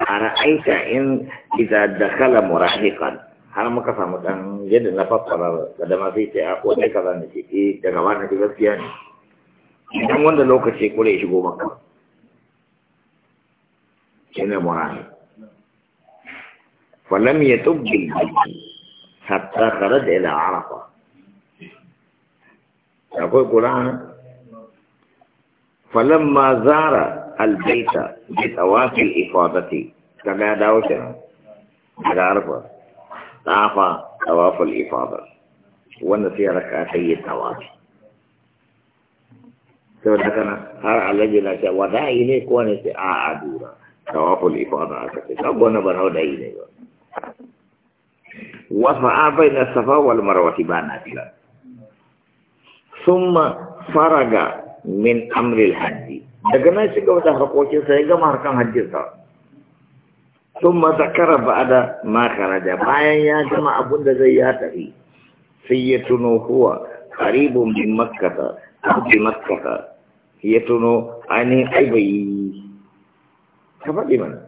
أرأيت إن إذا دخل مراهقا هل ما كفهمت أن جد لا فطر لدى ما فيه تأخوة كذا نسيكي تغوانا في بسياني إنهم وند لو كتشي كولي إشبو مكة كنا مراهق فلم يتب بالبيتي حتى خرج إلى عرفة أقول قرآن فلما زار البيت بتواف الإفاضة كما داوشنا عرفة طاف تواف الإفاضة ونسي ركعتي التواف سوى ذكرنا هر على جل شاء ودا إني كون شاء عدورا تواف الإفادة كتير كون بناو دا إني وصفا بين الصفا والمروة بانا ثم فرغ min amril hajji daga nan shiga wata harkokin sai gama harkan hajjin sa ثم ذكر بعد ما خرج bayan ya gama abin da zai ya tafi sai ya tuno huwa qaribun min makkah bi makkah ya tuno ani aibai ka faɗi mana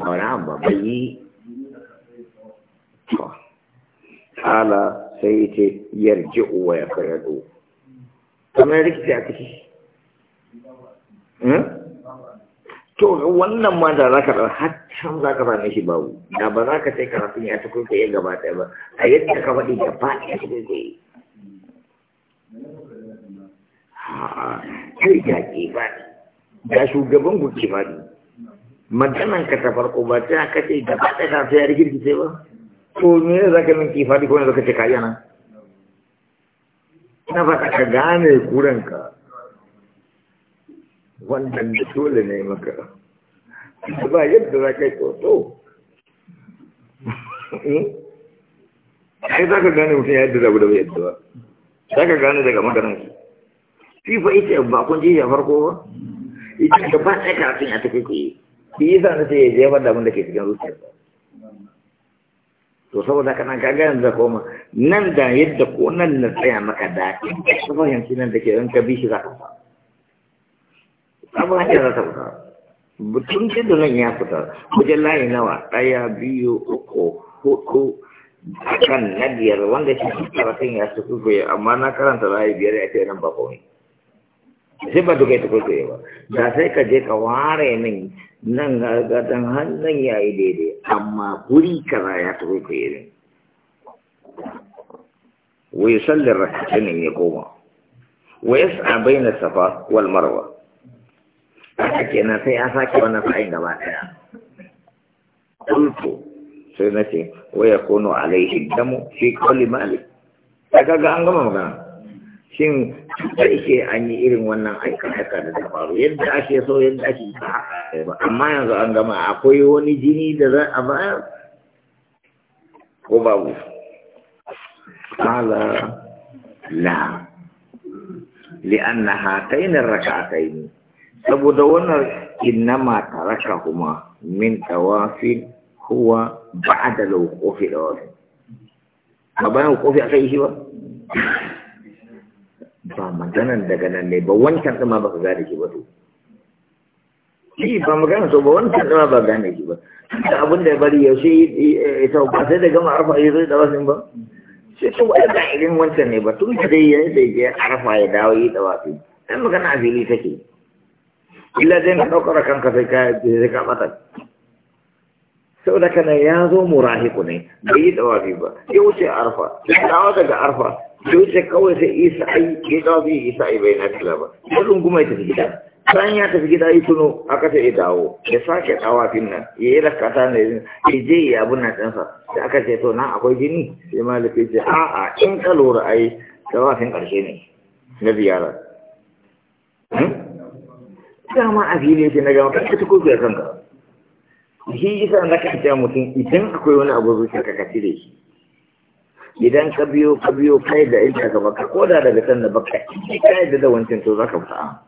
ba na ba bayi قال سيتي يرجع ويقرأ kamar rikici a ciki hmm? to wannan ma da zaka da haccan ka rame shi babu da ba za ka sai karatun ya tukun ka yi gaba ɗaya ba a yadda ka faɗi gaba ɗaya tukun ka yi kai ya ke ba ga shugaban ku ke faɗi, maganan ka ta farko ba ta kace gaba ɗaya ka sai ya sai ba to me za ka nan faɗi ko ne za ka ce ka yi nan ta faɗa ka gane kuranka wannan da dole ne maka ba yadda za ka yi tsoto hmm? ai za ka gane mutum ya yadda ku da bai yadda ba za ka gane daga maganar su fa ita ba kun ji ya farko ba ita ga ba sai karatun ya tafi ku yi shi yasa na sai ya jefa da da ke cikin zuciya to saboda kana kaga yanzu koma nan da yadda ko nan na tsaya maka da in ka fahimci nan da ke in ka bi shi za ka fa abin hanyar za ta Butun ke da nan ya fita wajen layi nawa ɗaya biyu uku hudu akan na biyar wanda shi ta karatun ya su kuku amma na karanta layi biyar ya ce nan ba komai. sai ba duka ita kwaikwaye ba da sai ka je ka ware min nan gadon hannun ya yi daidai amma guri kaza ya ta kwaikwaye min wai sallin rakatinin ya koma wai sa bai na safa wal marwa haka kenan sai an sake wannan sa'in gaba ɗaya kulto sai na ce waya kono alaihi damu fi kulli malik kaga an gama magana shin sai an yi irin wannan aika da ta yadda ake so yadda ake yi ba amma yanzu an gama akwai wani jini da za a bayar ko babu kala la li'anna hatainar raka'ataini saboda wannan innama taraka kuma min tawafin huwa ba'da kofi da wasu ba bayan kofi akai shi ba ba maganan daga nan ne ba wancan ɗuma ba ka gane shi ba to shi ba magana so ba wancan ɗuma ba gane shi ba da abin da ya bari yaushe ta'u ba sai da gama arfa ya zai da sun ba sai to wani ga irin wancan ne ba tun dai ya da ya arfa ya dawo yi da wasin dan magana a fili take illa zai na ɗaukar kanka sai ka sai ka bata saboda kana ya zo murahiku ne bai yi dawafi ba ya wuce arfa ya dawa daga arfa sai kawai sai isa ai ya kawo isa ai bai na kila ba ya kuma ya tafi gida bayan ya tafi gida ya tuno aka ce ya dawo ya sake tsawafin nan ya yi rakata ne ya je ya abu na ɗansa da aka ce to nan akwai jini sai malaka ce a'a in ka lura ai tsawafin ƙarshe ne na ziyara hmm? ma a fili ce na gama kanka tuko biyar kanka shi isa na kan mutum idan akwai wani abu zuciya ka ka cire shi idan ka biyo ka biyo kai da inda ka baka ko da daga can da baka kai da wancan to zaka fa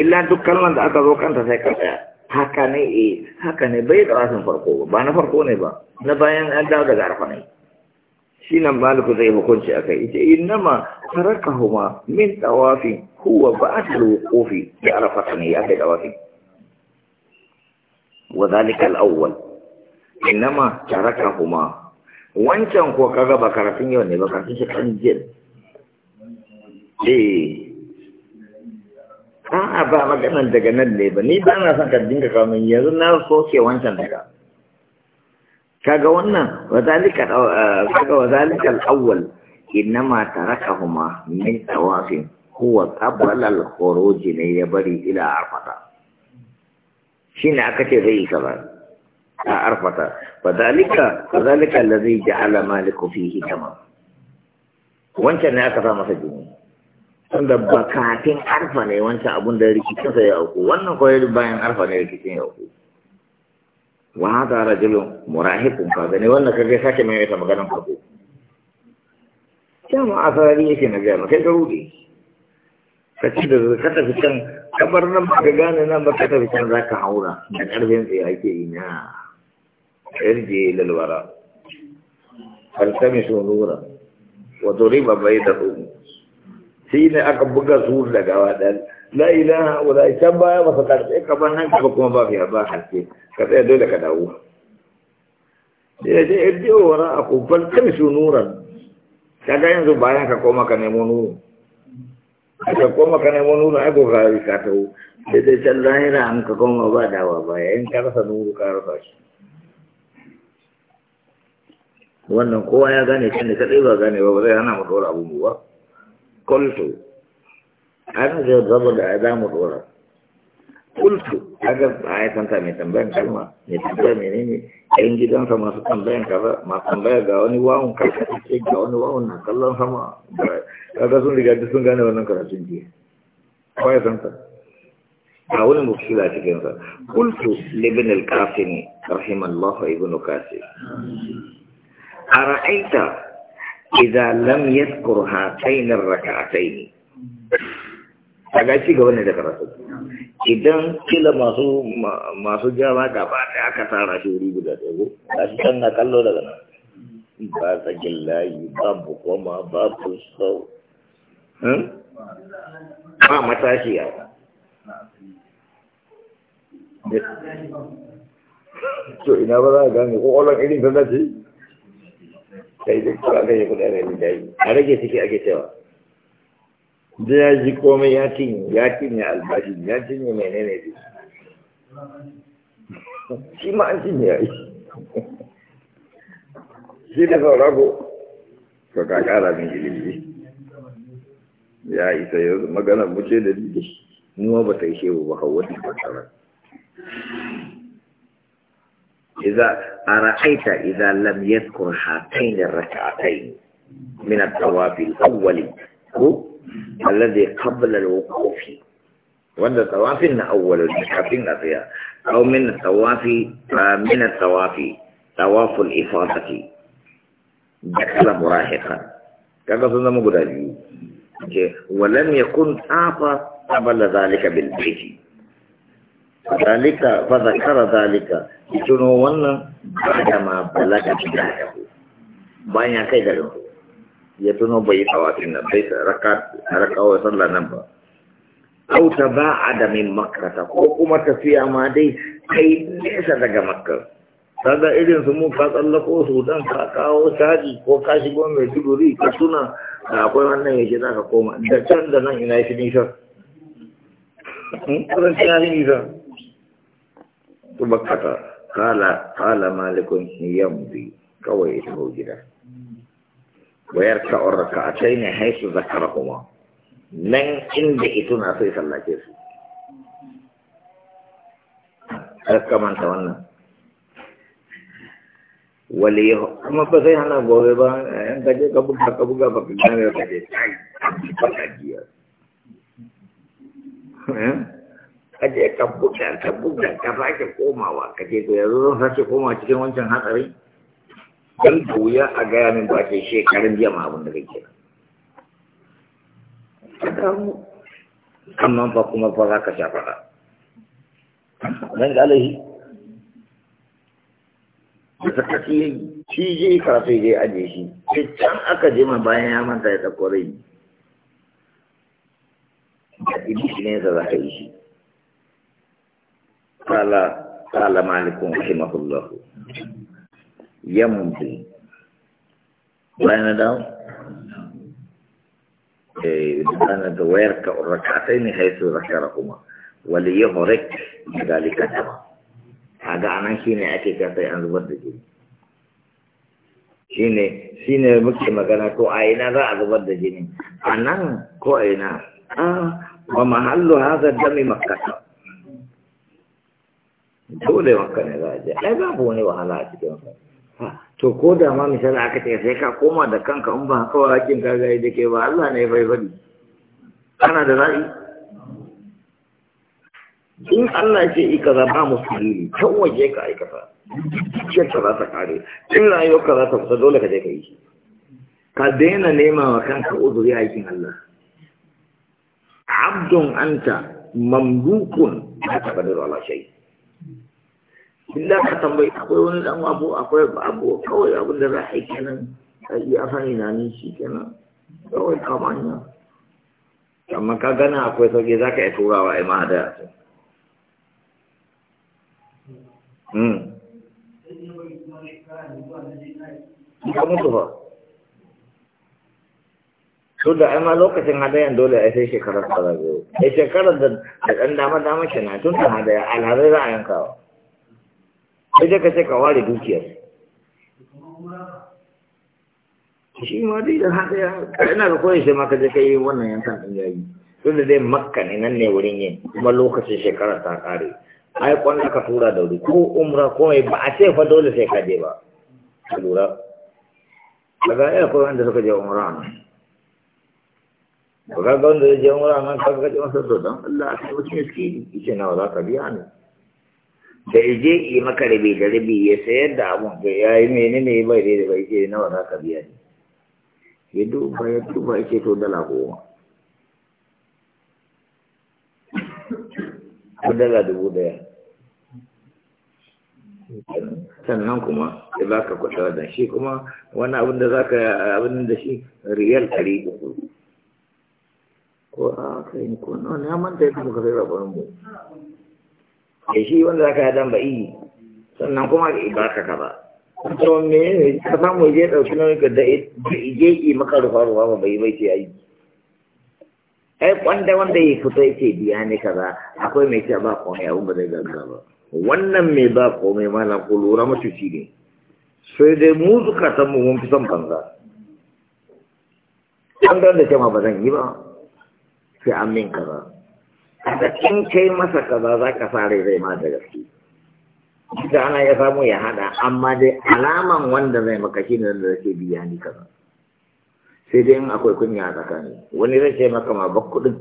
illa duk kalmar da aka zo kanta sai ka haka ne eh haka ne bai da karatun farko ba ba na farko ne ba na bayan an dawo daga arfa ne shi nan maliku zai hukunci a kai ita innama tarakahuma min tawafi huwa ba'atul wuqufi bi arfa ne ya kai tawafi wa dalika al-awwal innama tarakahuma wancan ko kaga ba karatun yau ne ba karatun shi kan jin eh a ba maganan daga nan ne ba ni ba na son ka dinga kawo min yanzu na soke wancan daga kaga wannan wazalika eh, kaga wazalika al-awwal innama tarakahuma min tawafin huwa qabla al-khuruj ne ya bari ila arfata shine aka ce zai kaza عرفة فذلك فذلك الذي جعل maliku فيه كما wancan ne aka sa masa jini tunda bakatun arfa ne wancan abun da rikicin sa ya auku wannan koyar bayan arfa ne rikicin ya auku wa hada rajulun murahikun ka gani wannan kage sake mai ta maganar farko jama'a asali yake na gaya kai ka rudi ka ci da ka tafi can kabar nan ba ka gane nan ba ka tafi can za ka haura da ƙarfin tsaye ake yi na ارجي إلى الوراء فالتمسوا نورا وضرب بينهم حين أكبر زور لك وهذا لا إله ولا إسابة وفقد إكبر نك بكم بافيها باحثين كفاية دولة كدعوها إذا ارجعوا وراءكم فالتمسوا نورا كذا yanzu bayan ka كان ka nemo nuru ka koma ka nemo nuru ai gogawa ka tawo sai dai can lahira an ka ba dawa ka rasa nuru ka rasa shi wannan kowa ya gane shi ne kadai ba gane ba ba zai hana mu dora abu ba kultu an zai zaba da ya mu dora kultu aga ai santa mai tambayan kalma mai tambaya menene yan gidansa masu tambayan kaza masu tambaya ga wani wawun kasa ce ga wani wawun na kallon sama kaga sun riga sun gane wannan karatun jiya kowa ya santa a wani mufsila cikinsa kultu libin al-kafin rahimallahu ibn kasir أرأيت إذا لم يذكر هاتين الركعتين kaga ci gaba ne da karatu idan kila masu masu jama gaba da aka tara shi wuri guda ɗaya ko ga shi can na kallo daga nan ba tsakin layi ba bukoma ba fuskau ba matashi a to ina ba za ka gane ko ƙwallon irin ta zace kai duk ba kai kuɗi da ganin jayi a rage ciki ake cewa da ya ji komai ya cinye ya cinye albashi ya cinye menene ne shi ma an cinye ya yi shi da saurako to ka kara min ilimi ya isa yanzu magana mu ce da dide ma ba ta yi shehu ba hawa ta fasara. Iza أرأيت إذا لم يذكر هاتين الركعتين من الطواف الأول هو الذي قبل الوقوف وأن الطواف أول الركعتين فيها أو من الطواف من الطواف طواف الإفاضة دخل مراهقا كذا سنة مقدارية إيه، ولم يكن طاف قبل ذلك بالبيت zalika fa zakara zalika tuno wannan da ma balaka da yabo bayan kai da yabo ya tuno bai tawafin nan bai rakat rakawa sallah nan ba au tabaada min makkah ko kuma tafiya ma dai kai nesa daga makkah kaga irin su mu ka tsallako su dan ka kawo shaji ko ka shigo mai tuduri ka tuna da akwai wannan yake za ka koma da can da nan ina shi nisa in hmm? karanta ya nisa tubakata kala kala malikun yamdi kawai ita ko gida wayar ka orka a tai ne haisu zakara kuma nan inda ito na sai sallake su aka manta wannan wali yau ba zai hana gobe ba yan gaje ba ka gane ka kai ka je ka buga ka buga ka sake komawa ka je to yanzu zan sake komawa cikin wancan hatsari dan da wuya a gaya min ba ke shekarun biyan ma abin da kake amma fa kuma fa za ka sha faɗa dan ga alaihi da ta shi shi je karatu je aje shi sai can aka je ma bayan ya manta ya kore rai da ibi shi ne za a yi shi قال قال مالك رحمه الله يمضي بين دو إيه، بين دو ويركع الركعتين حيث ذكرهما وليغرق بذلك الدماء هذا أنا شيني أكي كاتي أنزبر دجين shine shine muke magana ko a ina za a zubar da jini a nan ko a ina a dole maka ne za a je ai babu wani wahala a cikin sa to ko da ma misali aka ce sai ka koma da kanka in ba kawai hakin ka gari da ke ba Allah ne bai bari kana da ra'ayi in Allah ce ika kaza ba musulmi kan waje ka aikata ka za ta kare in rayuwarka za ta fita dole ka je ka yi shi ka daina nema wa kanka uzuri aikin Allah abdun anta mamlukun ta taɓa da wala shai illa ka tambayi akwai wani dan abu akwai babu kawai abin da za a yi kenan a iya sani na ni shi kenan kawai kamanya amma ka gana akwai sauki za ka iya turawa a yi mahada hmm. ka mutu ba su da ai ma lokacin hadayan dole ai sai shekarar tsara biyu ai shekarar da ɗan dama dama kenan tun ta hadaya alhazai za a yankawa sai dai ka ce ka ware dukiyar shi ma dai da haɗe ina da koyi sai ma ka je ka yi wannan yankan ɗin yayi tun da dai makka ne nan ne wurin yin kuma lokacin shekara ta ƙare ai kwan ka tura da wuri ko umra ko mai ba a ce fa dole sai ka je ba ka lura daga iya akwai wanda suka je umra nan ba ka ga wanda zai je umra nan ka ga je masa to dan Allah a kai mutum miskini yace nawa za ka biya ne da ya je yi maka rabi da rabi ya sayar da abun da ya yi mene ne bai da bai ce nawa za ka biya ne ya duba ya duba ya ce to dala goma ko dala dubu daya sannan kuma ya ka kuɗa wannan shi kuma wani abin da za ka abin da shi riyal ɗari uku ko a kai ko na manta yadda muka sai rabarin mu da shi wanda za ka yi dan ba'i sannan kuma ka ba ka ba to me ka samu je ɗauki nauyi ka da ije ki maka rufa rufa ba bai bai ce ai ai wanda wanda ya fito yake biya ne kaza akwai mai ce ba komai abin ba zai gaggawa ba wannan mai ba komai malam ko lura mutu shi ne sai dai mu zukatan mu mun fi son banza an da ma ba zan yi ba sai an min kaza da in kai masa kaza za ka sare zai ma da gaske da ana ya samu ya hada amma dai alaman wanda zai maka shi ne da zai biya ni kaza sai dai in akwai kunya a tsakani wani zai ce maka ma ba kuɗin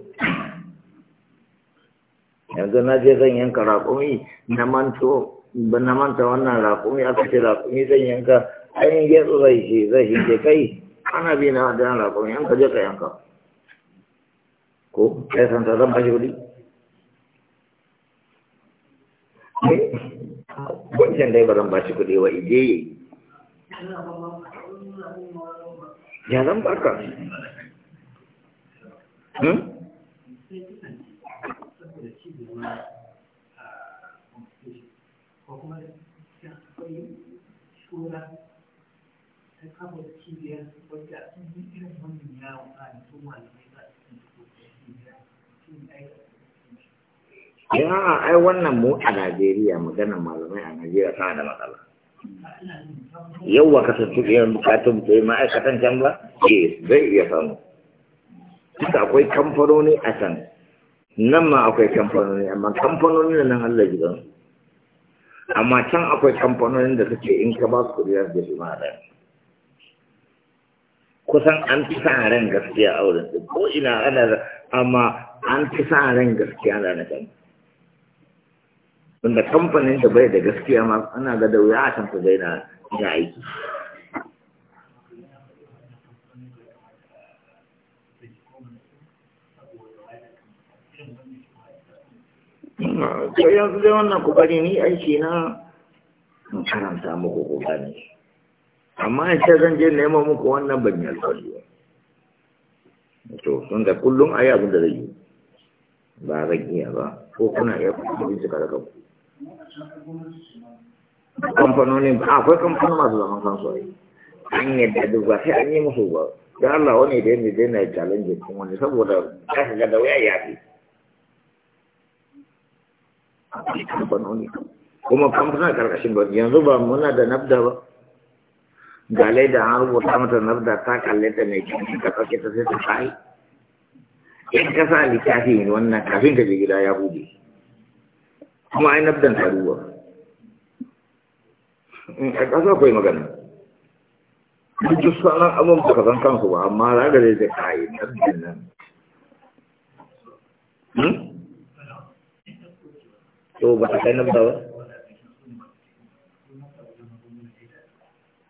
yanzu na je zan yanka raƙumi na manto ba na manta wannan raƙumi aka ce raƙumi zan yanka ainihin getsu zai shi zai shi ke kai ana bi na wajen raƙumi yanka je ka yanka ko kai santa zan bashi kuɗi wancan dai ba zan ba shi kuɗi wa ije yi ya zan ba ka Thank hmm? you. ya ai wannan mu a Najeriya maganar malamai a Najeriya tana da matsala yau wa kasar tukiyar bukatun to ma'aikatan can ba ke zai iya samu Tuka akwai kamfanoni a can nan ma akwai kamfanoni amma kamfanoni da nan Allah gidan amma can akwai kamfanonin da suke in ka ba su kuriyar da su ma da kusan an fi sa ran gaskiya a wurin ko ina ana amma an fi sa ran gaskiya da na kan wanda kamfanin da bai da gaskiya ma ana ga da wuya a can su daina ya aiki to yanzu dai wannan ku bari ni aiki na in karanta muku kokari amma in ce zan je nema muku wannan ban yi alƙawari ba to sun da kullum a yi abin da zai yi ba zan iya ba ko kuna iya kuma bincika da kanku kamfanonin akwai kamfanin masu zaman kansu ai an yadda duk ba sai an yi musu ba da Allah wani da yadda zai na challenge din wani saboda za ka da wuya ya fi kamfanoni kuma kamfanin karkashin ba yanzu ba muna da nabda ba ga da an rubuta mata nabda ta kalle ta mai kyau ka ɗauke ta sai ta kai in ka sa littafi wannan kafin ka je gida ya bude kuma ai nabdan taruwa in a ƙasa magana duk abin ka san kansu ba amma za zai nabdan nan hmm? to ba ta kai nabda ba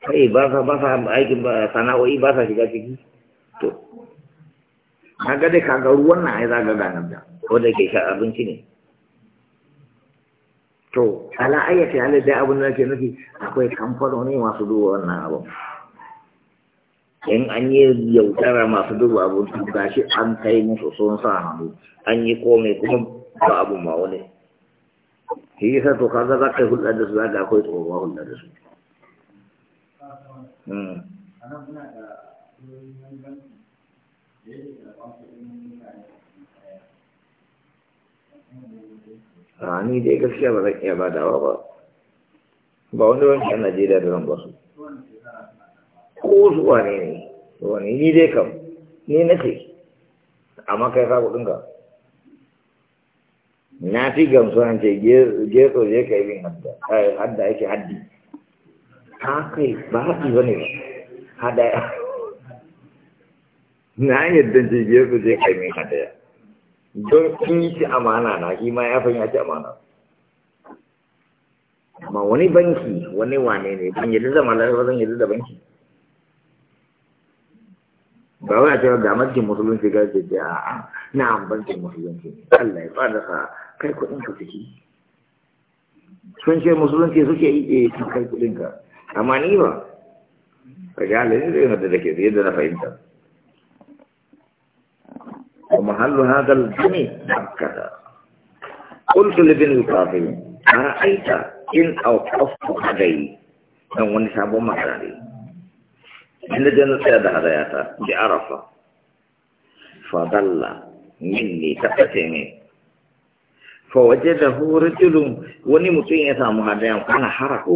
kai ba sa ba sa aikin ba sana'o'i ba sa shiga ciki to na ga dai kaga ruwan nan ai za ga da ko ke sha abinci ne to ala ayyati halin dai abin da ke nufi akwai kamfanoni masu duba wannan abu in an yi yaudara masu duba abu ga shi an kai musu sun sa hannu an yi komai kuma ba abu ma wani shi yasa to kaza za ka yi hulɗar da su za ka akwai tsohuwa hulɗa da su Thank hmm. you. a ah, ni dai gaskiya ba zan iya ba dawa ba ba wani wani a najeriya da zan ba su ko su wane ne wani ni dai kam ni na ce amma kai sa kudin ka na fi gamsu an ce getso je ka yi bin hadda yake haddi ta kai ba haɗi ba ne ba ya. na yadda je getso je ka yi min ya? don in ci amana na shi ma ya fanya ci amana amma wani banki wani wane ne ban yi da malar ba zan yadda da banki ba wai a cewa ga majin musulunci ga jajja a na an bankin musulunci Allah ya fada sa kai kudin ka ciki sun ce musulunci suke yi a eh, kai kudin ka amma ni ba ka ga halin da yadda da ke da na fahimta ومحل هذا الجني a قلت لابن القاسم أرأيت إن أوقفت علي dan wani sabon من inda jana tsaya da hadayata bi arafa fadalla minni ta kace ne fa wajadahu rajulun wani mutum ya samu hadayan kana ko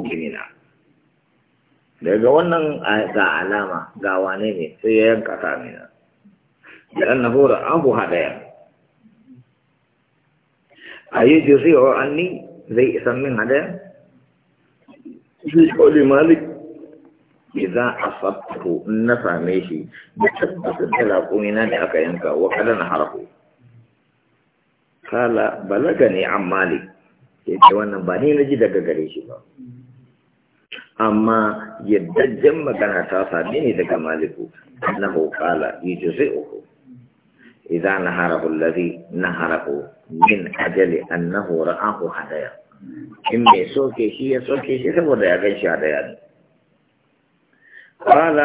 daga wannan ga alama ga wane ne sai ya yanka ta mina لأنه رآه هدايا أيجزع عني زي من هدايا في قول مالك إذا أصبته نفع ميشي بتثبت الحلق من أنك ينكى وقد نحره قال بلغني عن مالك daga gare shi ba. amma yadda jan magana ta same ni daga maliku annahu qala uku. إذا نهره الذي نهره من أجل أنه رآه هدايا إن سوكي ya سوكي شيء سبب يا بنش هدايا قال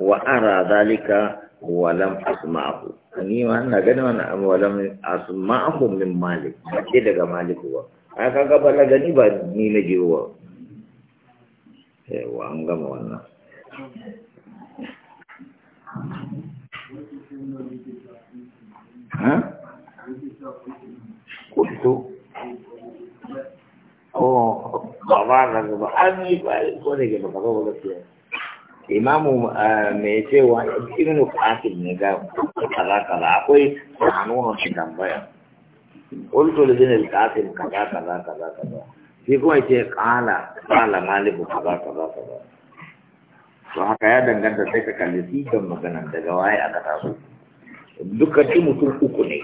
وأرى ذلك ولم أسمعه ni wannan gani wannan abu walam asma'ahu min malik ke daga malik ba a kaga ga na gani ba ni na je wa yawa an gama wannan kulto oh ba ba ba an yi ba ko da ke ba ba ba gaskiya imamu eh, mai cewa ibn qatil ne ga kaza kaza akwai kanunun shi tambaya qultu li ibn qatil kaza kaza kaza kaza shi kuma yace qala qala malik kaza kaza kaza to haka ya danganta sai ka kalli sigan maganan daga waye aka taso duka dai mutum uku ne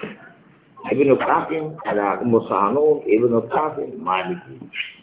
ibn qasim ala musanun ibn qasim maliki